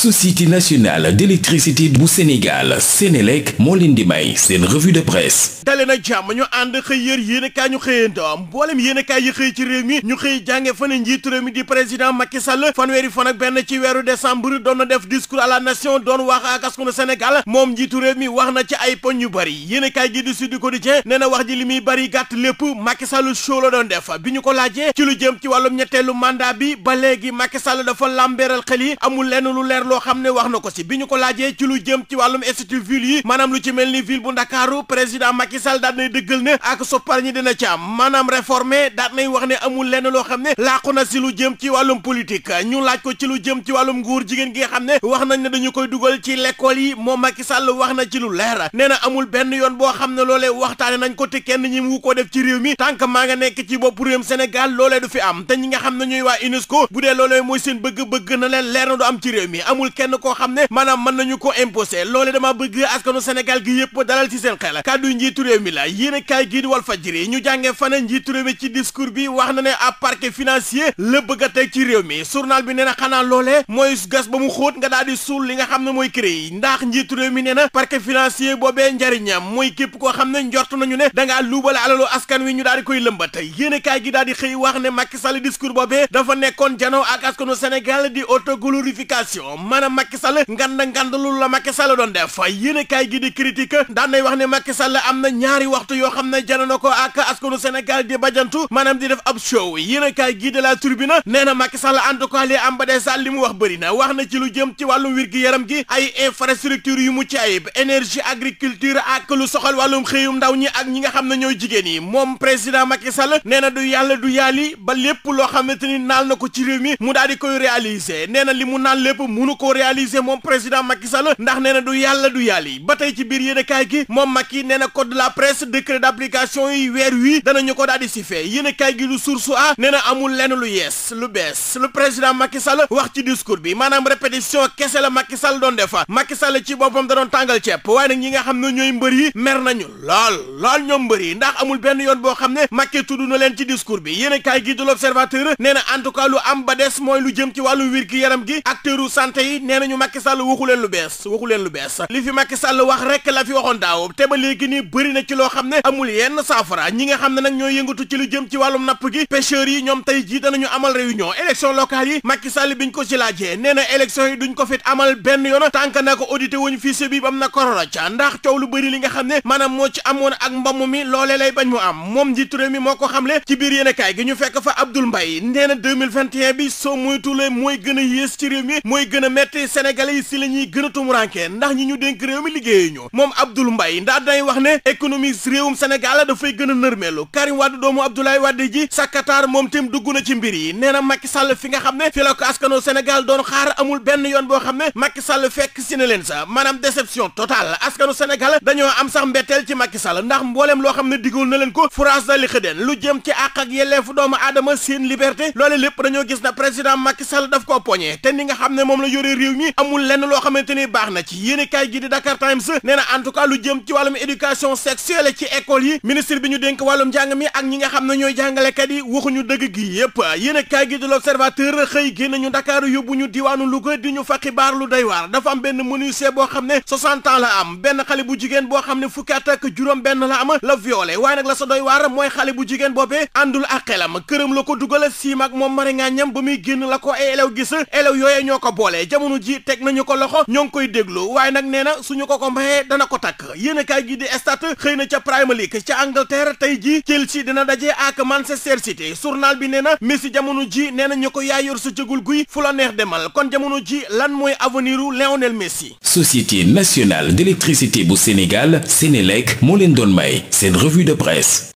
société nationale d'électricité bu Sénégal Sénélec moo leen di may seen revue de presse dale nag jàmm ñu ànd xëy yër yéenekaay ñu xëyando mboolem yéenekaay yi xëy ci réew mi ñu xëy jànge fa njiitu réew mi di président Macky fanweeri fan benn ci weeru décembre doon na def discours à la nation doon wax ak Sénégal moom njiitu réew mi wax na ci ay poñ yu bari yéenekaay gi di Sud Quotidien nee na wax ji li muy bëri gàtt lépp Macky show la doon def ci lu jëm ci wàllum ñetteelu mandat bi ba léegi Macky Sall dafa làmbeeral xel yi amul lenn lu leer loo xam ne wax na ko si bi ñu ko laajee ci lu jëm ci wàllum institut yi maanaam lu ci mel ni ville bu ndakaaru président Macky Sall daat nay dëggal ne ak soppar ñi dina ci am maanaam réformé daat nay wax ne amul lenn loo xam ne laaqu na si lu jëm ci wàllum politique ñu laaj ko ci lu jëm ci wàllum nguur jigéen gi xam ne wax nañ ne dañu koy dugal ci lekkool yi moo Macky Sall wax na ci lu leer nee na amul benn yoon boo xam ne loolee waxtaane nañ ko te kenn ñi mu ko def ci réew mi tànk maa nga nekk ci bopp réewum Sénégal fi am te ñi nga xam ne ñooy waa UNESCO bu dee loolee mooy seen bëgg-bëgg na leen leer du am ci réew mi amul kenn koo xam ne maanaam mën nañu ko imposé loole dama bëgg askanu Sénégal gi yëpp dalal ci seen xel kàddu njiitu réew mi la yéen a kaay gii di Walf Fadjri ñu jàngee fana njiitu réew mi ci bi wax na ne ab parquet financier la bëgg a teg ci réew mi journal bi nee na xanaa loolee mooy gas ba mu xóot nga daal di suul li nga xam ne mooy cré yi ndax njiitu réew mi nee na parquet financier boobee njariñam mooy képp koo xam ne njort nañu ne dangaa luubale alalu askan wi ñu daal di koy lëmbat yéen a kaay gi daal di xëy wax ne Macky Sall discours boobee dafa nekkoon janoo ak askanu Sénégal di autoglorification maanaam Macky Sall nganda ngandalul la Macky Sall doon def yéene kaay gi di critique daan nay wax ne Macky Sall am na ñaari waxtu yoo xam ne jana na ko ak askanu Sénégal di bajantu maanaam di def ab show yéene kaay gi de la Tribune nee na Macky Sall en li am ba des sall li wax bëri na wax na ci lu jëm ci wàllum wér gi yaram gi ay infrastructure yu mucc ayib énergie agriculture ak lu soxal wàllum xëyum ndaw ñi ak ñi nga xam ne ñooy jigéen yi moom président Macky Sall nee na du yàlla du yàlli ba lépp loo xamante ni naal na ko ci réew mi mu daal di koy réaliser nee na li mu naal koo réaliser moom président Macky Sall ndax nee na du yàlla du yàlla yi ba tey ci biir yéenekaay gi moom Macky nee na code de la presse décret d'application yi weer wi danañu ko daal di siffee yéenekaay du source a nee amul lenn lu yees lu bees lu président Macky wax ci discours bi maanaam répétition kese la Macky Sall doon defa Macky Sall ci boppam da doon tàngal ceeb waaye nag ñi nga xam ne ñooy mbër yi mer nañu lool lool ñoom mbër yi ndax amul benn yoon boo xam ne Macky leen ci discours bi yéenekaay gi de l'Observateur nee na en tout cas lu am yi nee nañu Macky Sall waxu leen lu bees waxu leen lu bees li fi Macky wax rek la fi waxoon daaw te ba léegi nii bëri na ci loo xam ne amul yenn saafara ñi nga xam ne nag ñooy yëngatu ci lu jëm ci wàllum napp gi pêcheurs yi ñoom tey jii danañu amal réunion élection locale yi Macky Sall biñ ko ci laajee nee na élection yi duñ ko fit amal benn yoon tànk na ko audité wuñ fichier bi bam na korora ca ndax coow lu bëri li nga xam ne maanaam moo ci amoon ak metti sénégalais yi si la ñuy gën a tumuranke ndax ñi ñu dénk réew mi liggéeye ñoo moom Abdoul mbay ndax day wax ne économie réewum Sénégal dafay gën a nërmeelu Karim Wade doomu Abdoulaye Wade sa sakkataar moom tam dugg na ci mbir yi nee na Macky Sall fi nga xam ne fi la ko askano Sénégal doon xaar amul benn yoon boo xam ne Macky Sall fekk si ne leen sa maanaam déception totale askanu senegal dañoo am sax mbetteel ci Macky Sall ndax mbooleem loo xam ne digoon na leen ko France lu jëm ci àq ak yelleefu doomu lépp dañoo gis na président Macky Sall daf koo poñe nga xam ne moom la doxalee réew mi amul lenn loo xamante ni baax na ci yéen kaay gi di Dakar Times nee na en tout cas lu jëm ci wàllum éducation sexuelle ci école yi ministre bi ñu dénk wàllum njàng mi ak ñi nga xam ne ñooy jàngalekat yi waxuñu dëgg gi yépp yéen kaay gi di L'Observateur xëy génn ñu Dakar yóbbu ñu diwaanu Louga di ñu fa xibaar lu doy waar dafa am benn menuisier boo xam ne 60 am benn xale bu jigéen boo xam ne fukki at juróom benn la am la violé waaye la sa doy waar mooy xale bu jigéen boobee àndul ak xelam këram la ko dugal siim ak moom mari ngaañam ba muy génn la ko ay élève gis élève yooyee ñoo ko boole jamono ji teg nañu ko loxo ñoo ngi koy déglu waaye nag nee na suñu ko ko mayee dana ko takk yéen a kaay gi di stade xëy na ca Premier League ca Angleterre tey ji Chelsea dina daje ak Manchester City journal bi nee na Messi jamono ji nee na ñu ko yaayor sa jëgul guy fu la neex demal kon jamono ji lan mooy avenir u Lionel Messi. Société nationale d'électricité bu Sénégal Sénélec moo leen doon may seen revue de presse.